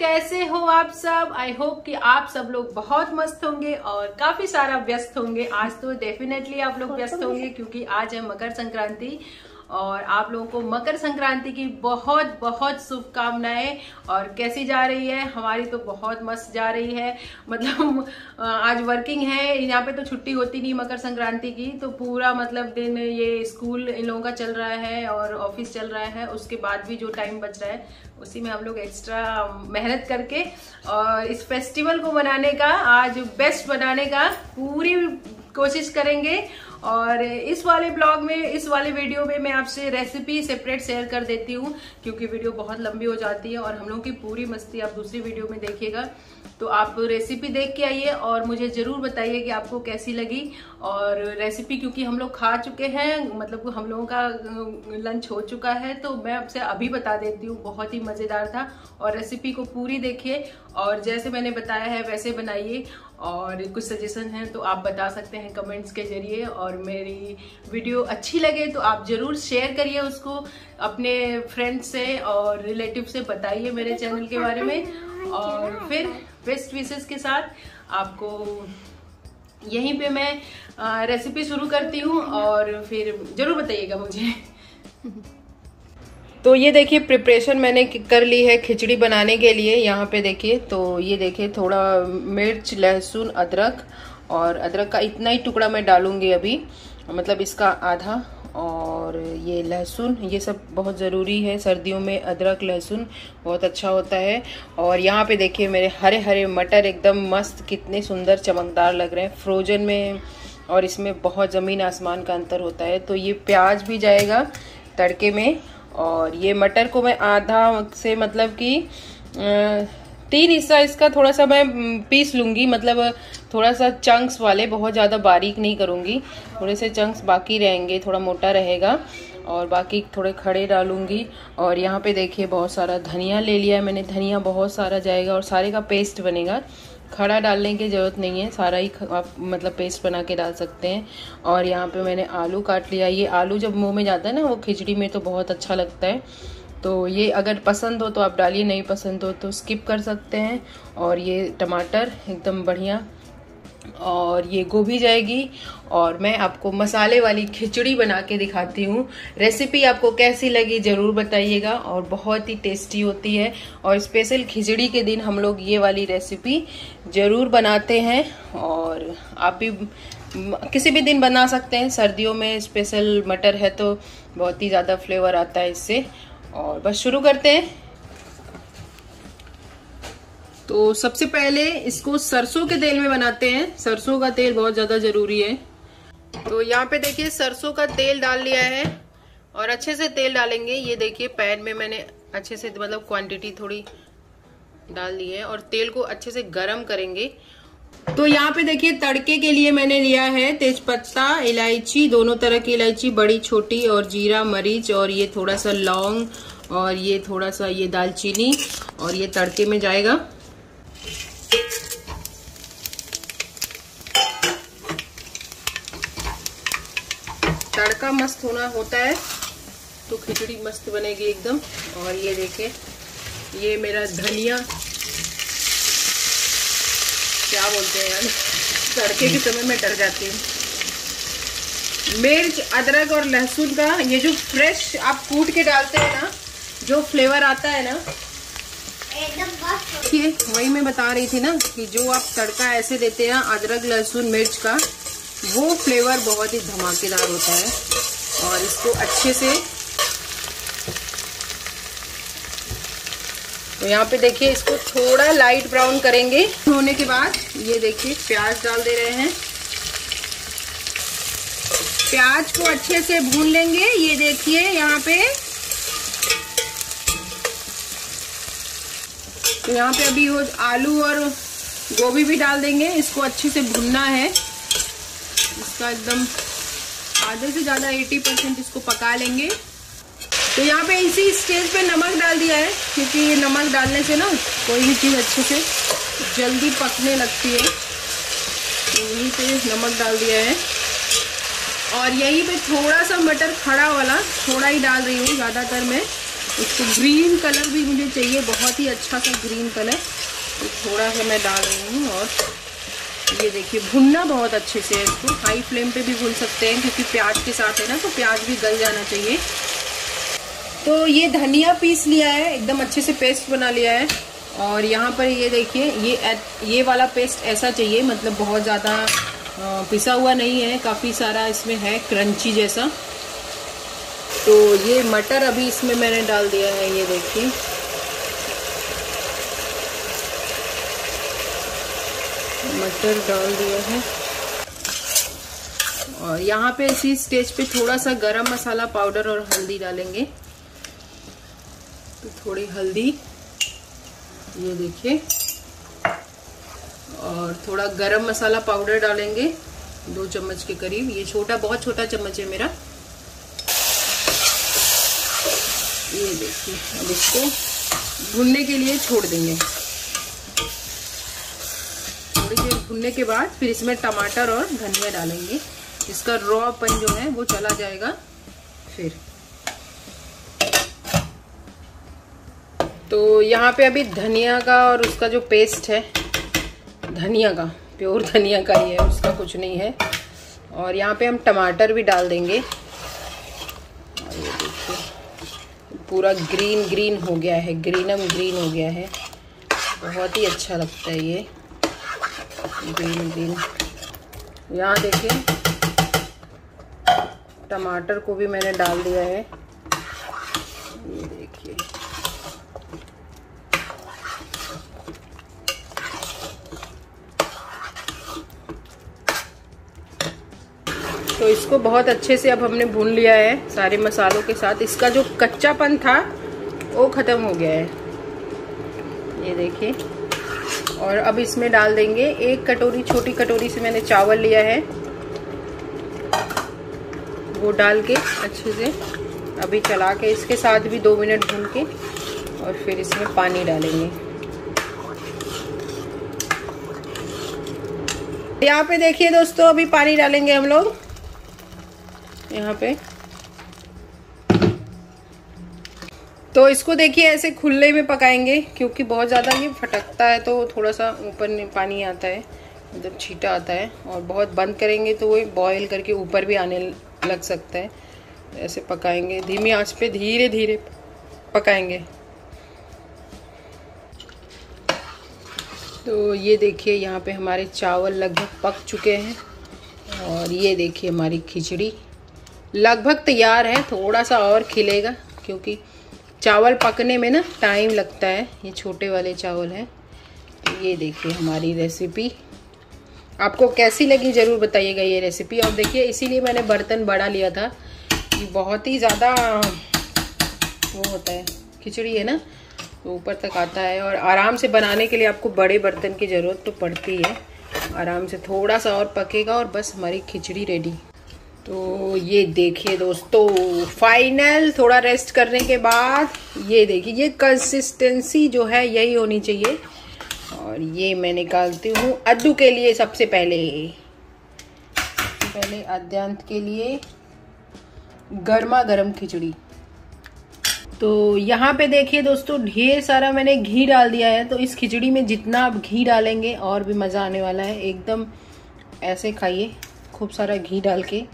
कैसे हो आप सब आई होप कि आप सब लोग बहुत मस्त होंगे और काफी सारा व्यस्त होंगे आज तो डेफिनेटली आप लोग व्यस्त होंगे क्योंकि आज है मकर संक्रांति और आप लोगों को मकर संक्रांति की बहुत बहुत शुभकामनाएं और कैसी जा रही है हमारी तो बहुत मस्त जा रही है मतलब आज वर्किंग है यहाँ पे तो छुट्टी होती नहीं मकर संक्रांति की तो पूरा मतलब दिन ये स्कूल इन लोगों का चल रहा है और ऑफिस चल रहा है उसके बाद भी जो टाइम बच रहा है उसी में हम लोग एक्स्ट्रा मेहनत करके और इस फेस्टिवल को मनाने का आज बेस्ट बनाने का पूरी कोशिश करेंगे और इस वाले ब्लॉग में इस वाले वीडियो में मैं आपसे रेसिपी सेपरेट शेयर कर देती हूँ क्योंकि वीडियो बहुत लंबी हो जाती है और हम लोग की पूरी मस्ती आप दूसरी वीडियो में देखिएगा तो आप रेसिपी देख के आइए और मुझे ज़रूर बताइए कि आपको कैसी लगी और रेसिपी क्योंकि हम लोग खा चुके हैं मतलब हम लोगों का लंच हो चुका है तो मैं आपसे अभी बता देती हूँ बहुत ही मज़ेदार था और रेसिपी को पूरी देखिए और जैसे मैंने बताया है वैसे बनाइए और कुछ सजेशन है तो आप बता सकते हैं कमेंट्स के जरिए और और मेरी वीडियो अच्छी लगे तो आप ज़रूर शेयर करिए उसको अपने फ्रेंड्स से और रिलेटिव से बताइए मेरे चैनल के बारे में और फिर बेस्ट विशेष के साथ आपको यहीं पे मैं रेसिपी शुरू करती हूँ और फिर ज़रूर बताइएगा मुझे तो ये देखिए प्रिपरेशन मैंने कर ली है खिचड़ी बनाने के लिए यहाँ पे देखिए तो ये देखिए थोड़ा मिर्च लहसुन अदरक और अदरक का इतना ही टुकड़ा मैं डालूँगी अभी मतलब इसका आधा और ये लहसुन ये सब बहुत ज़रूरी है सर्दियों में अदरक लहसुन बहुत अच्छा होता है और यहाँ पे देखिए मेरे हरे हरे मटर एकदम मस्त कितने सुंदर चमकदार लग रहे हैं फ्रोजन में और इसमें बहुत ज़मीन आसमान का अंतर होता है तो ये प्याज भी जाएगा तड़के में और ये मटर को मैं आधा से मतलब कि तीन हिस्सा इसका थोड़ा सा मैं हम्म, पीस लूँगी मतलब थोड़ा सा चंक्स वाले बहुत ज़्यादा बारीक नहीं करूँगी थोड़े से चंक्स बाकी रहेंगे थोड़ा मोटा रहेगा और बाकी थोड़े खड़े डालूंगी और यहाँ पे देखिए बहुत सारा धनिया ले लिया है मैंने धनिया बहुत सारा जाएगा और सारे का पेस्ट बनेगा खड़ा डालने की ज़रूरत नहीं है सारा ही आप मतलब पेस्ट बना के डाल सकते हैं और यहाँ पे मैंने आलू काट लिया ये आलू जब मुंह में जाता है ना वो खिचड़ी में तो बहुत अच्छा लगता है तो ये अगर पसंद हो तो आप डालिए नहीं पसंद हो तो स्किप कर सकते हैं और ये टमाटर एकदम बढ़िया और ये गोभी जाएगी और मैं आपको मसाले वाली खिचड़ी बना के दिखाती हूँ रेसिपी आपको कैसी लगी ज़रूर बताइएगा और बहुत ही टेस्टी होती है और स्पेशल खिचड़ी के दिन हम लोग ये वाली रेसिपी ज़रूर बनाते हैं और आप भी किसी भी दिन बना सकते हैं सर्दियों में स्पेशल मटर है तो बहुत ही ज़्यादा फ्लेवर आता है इससे और बस शुरू करते हैं तो सबसे पहले इसको सरसों के तेल में बनाते हैं सरसों का तेल बहुत ज़्यादा ज़रूरी है तो यहाँ पे देखिए सरसों का तेल डाल लिया है और अच्छे से तेल डालेंगे ये देखिए पैन में मैंने अच्छे से मतलब क्वांटिटी थोड़ी डाल दी है और तेल को अच्छे से गरम करेंगे तो यहाँ पे देखिए तड़के के लिए मैंने लिया है तेजपत्ता इलायची दोनों तरह की इलायची बड़ी छोटी और जीरा मरीच और ये थोड़ा सा लौंग और ये थोड़ा सा ये दालचीनी और ये तड़के में जाएगा तड़का मस्त होना होता है तो खिचड़ी मस्त बनेगी एकदम और ये देखिए ये मेरा धनिया क्या बोलते हैं यार तड़के के समय मैं डर जाती हूँ मिर्च अदरक और लहसुन का ये जो फ्रेश आप कूट के डालते हैं ना जो फ्लेवर आता है ना ये वही मैं बता रही थी ना कि जो आप तड़का ऐसे देते हैं अदरक लहसुन मिर्च का वो फ्लेवर बहुत ही धमाकेदार होता है और इसको अच्छे से तो यहाँ पे देखिए इसको थोड़ा लाइट ब्राउन करेंगे होने के बाद ये देखिए प्याज डाल दे रहे हैं प्याज को अच्छे से भून लेंगे ये देखिए यहाँ पे तो यहाँ पे अभी हो आलू और गोभी भी डाल देंगे इसको अच्छे से भूनना है इसका एकदम आधे से ज़्यादा 80 परसेंट इसको पका लेंगे तो यहाँ पे इसी स्टेज पे नमक डाल दिया है क्योंकि नमक डालने से ना कोई भी चीज़ अच्छे से जल्दी पकने लगती है तो यहीं पे नमक डाल दिया है और यहीं पे थोड़ा सा मटर खड़ा वाला थोड़ा ही डाल रही हूँ ज़्यादातर मैं इसको ग्रीन कलर भी मुझे चाहिए बहुत ही अच्छा सा ग्रीन कलर तो थोड़ा सा मैं डाल रही हूँ और ये देखिए भुनना बहुत अच्छे से है इसको हाई फ्लेम पे भी भून सकते हैं क्योंकि प्याज के साथ है ना तो प्याज भी गल जाना चाहिए तो ये धनिया पीस लिया है एकदम अच्छे से पेस्ट बना लिया है और यहाँ पर ये देखिए ये ये वाला पेस्ट ऐसा चाहिए मतलब बहुत ज़्यादा पिसा हुआ नहीं है काफ़ी सारा इसमें है क्रंची जैसा तो ये मटर अभी इसमें मैंने डाल दिया है ये देखिए मटर डाल दिया है और यहाँ पे इसी स्टेज पे थोड़ा सा गरम मसाला पाउडर और हल्दी डालेंगे थोड़ी हल्दी ये देखिए और थोड़ा गरम मसाला पाउडर डालेंगे दो चम्मच के करीब ये छोटा बहुत छोटा चम्मच है मेरा ये देखिए अब इसको भुनने के लिए छोड़ देंगे थोड़ी देर भुनने के बाद फिर इसमें टमाटर और धनिया डालेंगे इसका रॉ पन जो है वो चला जाएगा फिर तो यहाँ पे अभी धनिया का और उसका जो पेस्ट है धनिया का प्योर धनिया का ही है उसका कुछ नहीं है और यहाँ पे हम टमाटर भी डाल देंगे पूरा ग्रीन ग्रीन हो गया है ग्रीनम ग्रीन हो गया है बहुत ही अच्छा लगता है ये ग्रीन ग्रीन यहाँ देखिए टमाटर को भी मैंने डाल दिया है तो इसको बहुत अच्छे से अब हमने भून लिया है सारे मसालों के साथ इसका जो कच्चापन था वो ख़त्म हो गया है ये देखिए और अब इसमें डाल देंगे एक कटोरी छोटी कटोरी से मैंने चावल लिया है वो डाल के अच्छे से अभी चला के इसके साथ भी दो मिनट भून के और फिर इसमें पानी डालेंगे यहाँ पे देखिए दोस्तों अभी पानी डालेंगे हम लोग यहाँ पे तो इसको देखिए ऐसे खुले में पकाएंगे क्योंकि बहुत ज़्यादा ये फटकता है तो थोड़ा सा ऊपर पानी आता है मतलब तो छीटा आता है और बहुत बंद करेंगे तो वो बॉयल करके ऊपर भी आने लग सकता है ऐसे पकाएंगे धीमी आंच पे धीरे धीरे पकाएंगे तो ये देखिए यहाँ पे हमारे चावल लगभग पक चुके हैं और ये देखिए हमारी खिचड़ी लगभग तैयार है थोड़ा सा और खिलेगा क्योंकि चावल पकने में ना टाइम लगता है ये छोटे वाले चावल हैं तो ये देखिए हमारी रेसिपी आपको कैसी लगी ज़रूर बताइएगा ये रेसिपी और देखिए इसीलिए मैंने बर्तन बड़ा लिया था ये बहुत ही ज़्यादा वो होता है खिचड़ी है ना तो ऊपर तक आता है और आराम से बनाने के लिए आपको बड़े बर्तन की ज़रूरत तो पड़ती है आराम से थोड़ा सा और पकेगा और बस हमारी खिचड़ी रेडी तो ये देखिए दोस्तों फाइनल थोड़ा रेस्ट करने के बाद ये देखिए ये कंसिस्टेंसी जो है यही होनी चाहिए और ये मैं निकालती हूँ अद्दू के लिए सबसे पहले पहले अद्यांत के लिए गर्मा गर्म खिचड़ी तो यहाँ पे देखिए दोस्तों ढेर सारा मैंने घी डाल दिया है तो इस खिचड़ी में जितना आप घी डालेंगे और भी मज़ा आने वाला है एकदम ऐसे खाइए खूब सारा घी डाल के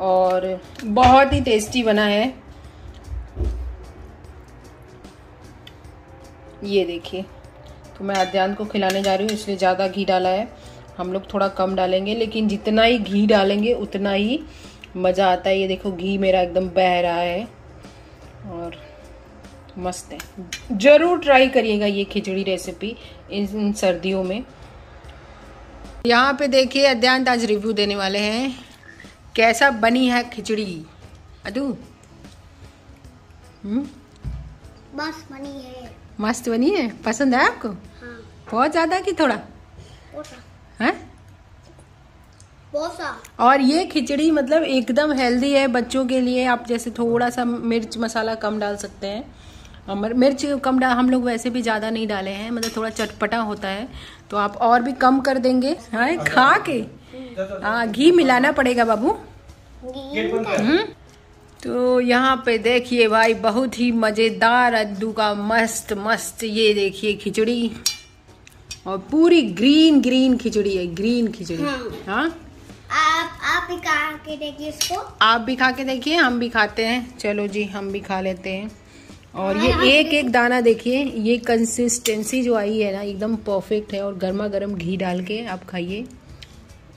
और बहुत ही टेस्टी बना है ये देखिए तो मैं आद्यान को खिलाने जा रही हूँ इसलिए ज़्यादा घी डाला है हम लोग थोड़ा कम डालेंगे लेकिन जितना ही घी डालेंगे उतना ही मज़ा आता है ये देखो घी मेरा एकदम बह रहा है और मस्त है ज़रूर ट्राई करिएगा ये खिचड़ी रेसिपी इन सर्दियों में यहाँ पे देखिए अद्यांत आज रिव्यू देने वाले हैं कैसा बनी है खिचड़ी अदू बस हम्म? बनी है मस्त बनी है पसंद है आपको हाँ। बहुत ज्यादा की थोड़ा है और ये खिचड़ी मतलब एकदम हेल्दी है बच्चों के लिए आप जैसे थोड़ा सा मिर्च मसाला कम डाल सकते हैं मिर्च कम डाल हम लोग वैसे भी ज़्यादा नहीं डाले हैं मतलब थोड़ा चटपटा होता है तो आप और भी कम कर देंगे हाँ खा के हाँ घी मिलाना पड़ेगा बाबू हम्म। तो यहाँ पे देखिए भाई बहुत ही मज़ेदार अद्दू का मस्त मस्त ये देखिए खिचड़ी और पूरी ग्रीन ग्रीन खिचड़ी है ग्रीन खिचड़ी हाँ।, हाँ, आप आप भी खा के देखिए इसको आप भी खा के देखिए हम भी खाते हैं चलो जी हम भी खा लेते हैं और हाँ, ये एक एक दाना देखिए ये कंसिस्टेंसी जो आई है ना एकदम परफेक्ट है और गर्मा गर्म घी डाल के आप खाइए